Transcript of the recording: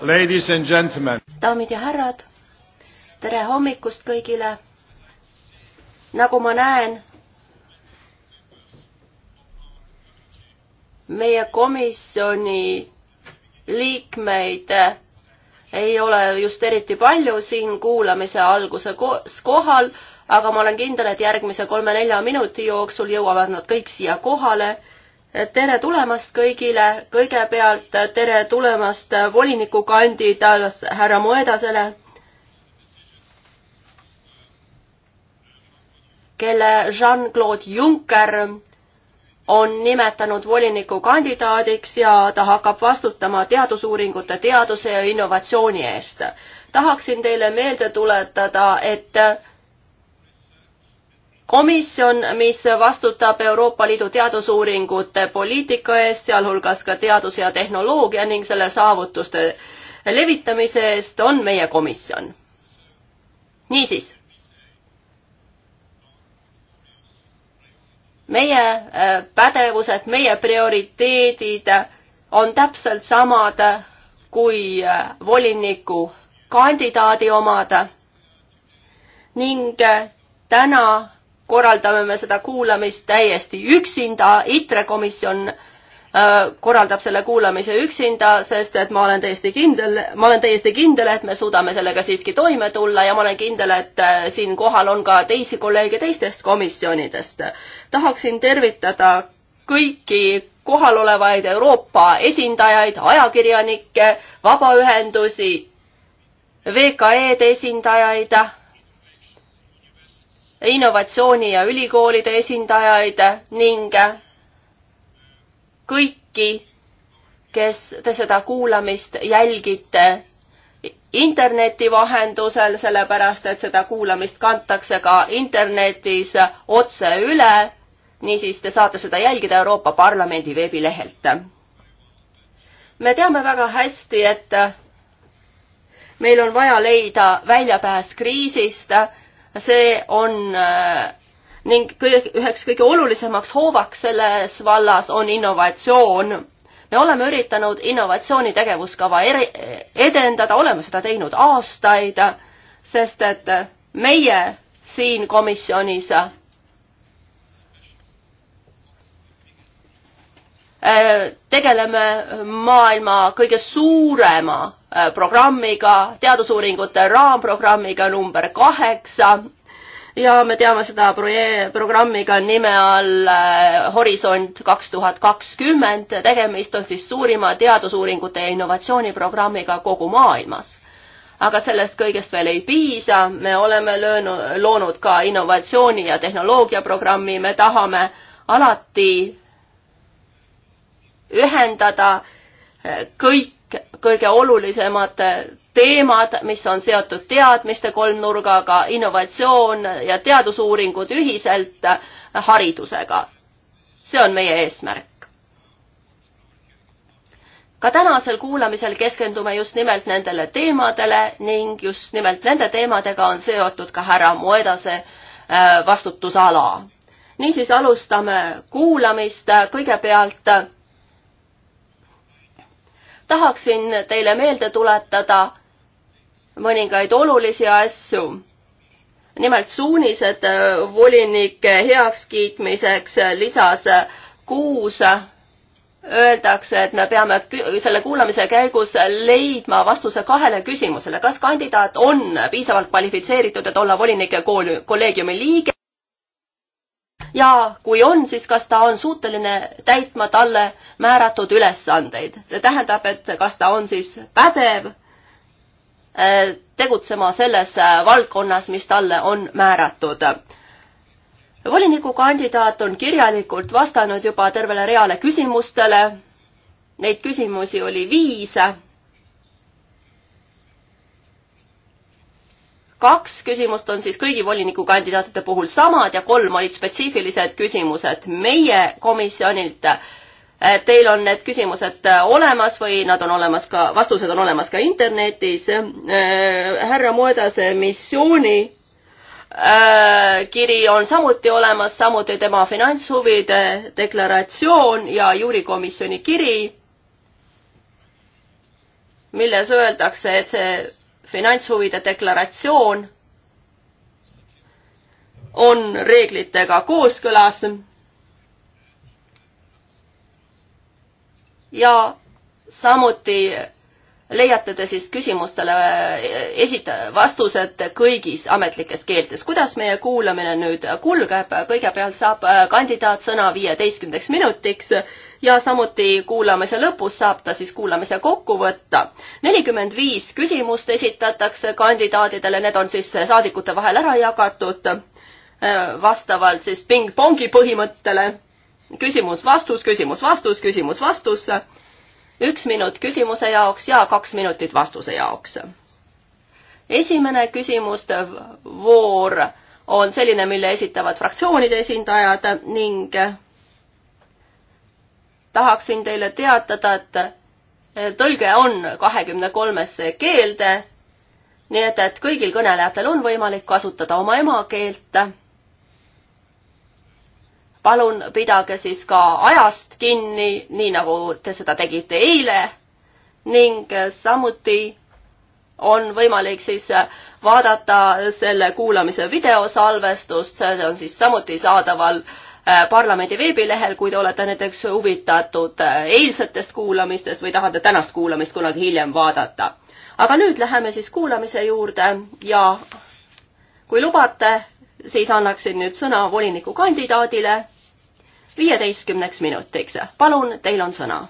Ladies and gentlemen. daamid ja härrad, tere hommikust kõigile. nagu ma näen, meie komisjoni liikmeid ei ole just eriti palju siin kuulamise alguse kohal, aga ma olen kindel, et järgmise kolme-nelja minuti jooksul jõuavad nad kõik siia kohale tere tulemast kõigile, kõigepealt tere tulemast volinikukandidaat härra Moedasele, kelle Jean-Claude Juncker on nimetanud volinikukandidaadiks ja ta hakkab vastutama teadusuuringute, teaduse ja innovatsiooni eest. tahaksin teile meelde tuletada, et komisjon, mis vastutab Euroopa Liidu teadusuuringute poliitika eest, sealhulgas ka teaduse ja tehnoloogia ning selle saavutuste levitamise eest, on meie komisjon. niisiis. meie äh, pädevused, meie prioriteedid on täpselt samad kui äh, voliniku kandidaadi omad ning äh, täna korraldame me seda kuulamist täiesti üksinda, ITRE komisjon äh, korraldab selle kuulamise üksinda, sest et ma olen täiesti kindel, ma olen täiesti kindel, et me suudame sellega siiski toime tulla ja ma olen kindel, et äh, siin kohal on ka teisi kolleege teistest komisjonidest. tahaksin tervitada kõiki kohalolevaid Euroopa esindajaid, ajakirjanikke, vabaühendusi, VKE-de esindajaid innovatsiooni ja ülikoolide esindajaid ning kõiki, kes te seda kuulamist jälgite interneti vahendusel, sellepärast et seda kuulamist kantakse ka internetis otse üle. niisiis, te saate seda jälgida Euroopa Parlamendi veebilehelt. me teame väga hästi, et meil on vaja leida väljapääs kriisist see on äh, ning kõik, üheks kõige olulisemaks hoovaks selles vallas on innovatsioon. me oleme üritanud innovatsiooni tegevuskava eri, edendada, oleme seda teinud aastaid, sest et meie siin komisjonis Äh, tegeleme maailma kõige suurema äh, programmiga, teadusuuringute raamprogrammiga number kaheksa ja me teame seda programmi ka nime all äh, Horisont kaks tuhat kakskümmend. tegemist on siis suurima teadusuuringute ja innovatsiooniprogrammiga kogu maailmas. aga sellest kõigest veel ei piisa, me oleme löönud, loonud ka innovatsiooni ja tehnoloogiaprogrammi, me tahame alati ühendada eh, kõik kõige olulisemad eh, teemad, mis on seotud teadmiste kolmnurgaga, innovatsioon ja teadusuuringud ühiselt eh, haridusega. see on meie eesmärk. ka tänasel kuulamisel keskendume just nimelt nendele teemadele ning just nimelt nende teemadega on seotud ka härra Moedase vastutusala. niisiis alustame kuulamist kõigepealt tahaksin teile meelde tuletada mõningaid olulisi asju. nimelt suunised äh, volinike heakskiitmiseks äh, lisas äh, kuus öeldakse, et me peame selle kuulamise käigus leidma vastuse kahele küsimusele, kas kandidaat on piisavalt kvalifitseeritud, et olla volinike kolleegiumi liige ja kui on, siis kas ta on suuteline täitma talle määratud ülesandeid. see tähendab, et kas ta on siis pädev äh, tegutsema selles äh, valdkonnas, mis talle on määratud. volinikukandidaat on kirjalikult vastanud juba tervele reale küsimustele. Neid küsimusi oli viis kaks küsimust on siis kõigi volinikukandidaatide puhul samad ja kolm olid spetsiifilised küsimused meie komisjonilt. Eh, teil on need küsimused eh, olemas või nad on olemas ka, vastused on olemas ka internetis. Eh, härra Moedase missiooni kiri on samuti olemas, samuti tema finantshuvide deklaratsioon ja juurikomisjoni kiri, milles öeldakse, et see finantshuvide deklaratsioon on reeglitega kooskõlas. ja samuti leiate te siis küsimustele eh, esita-, vastused kõigis ametlikes keeltes. kuidas meie kuulamine nüüd kulgeb, kõigepealt saab eh, kandidaat sõna viieteistkümneks minutiks ja samuti kuulamise lõpus saab ta siis kuulamise kokku võtta. nelikümmend viis küsimust esitatakse kandidaadidele, need on siis saadikute vahel ära jagatud eh, vastavalt siis ping-pongi põhimõttele. küsimus-vastus, küsimus-vastus, küsimus-vastus, küsimus-vastus üks minut küsimuse jaoks ja kaks minutit vastuse jaoks. esimene küsimuste voor on selline, mille esitavad fraktsioonide esindajad ning tahaksin teile teatada, et tõlge on kahekümne kolmesse keelde, nii et, et kõigil kõnelejatel on võimalik kasutada oma emakeelt palun pidage siis ka ajast kinni, nii nagu te seda tegite eile ning samuti on võimalik siis vaadata selle kuulamise videosalvestust, see on siis samuti saadaval äh, parlamendi veebilehel, kui te olete näiteks huvitatud äh, eilsetest kuulamistest või tahate tänast kuulamist kunagi hiljem vaadata. aga nüüd läheme siis kuulamise juurde ja kui lubate, siis annaksin nüüd sõna volinikukandidaadile viieteistkümneks minutiks. palun, teil on sõna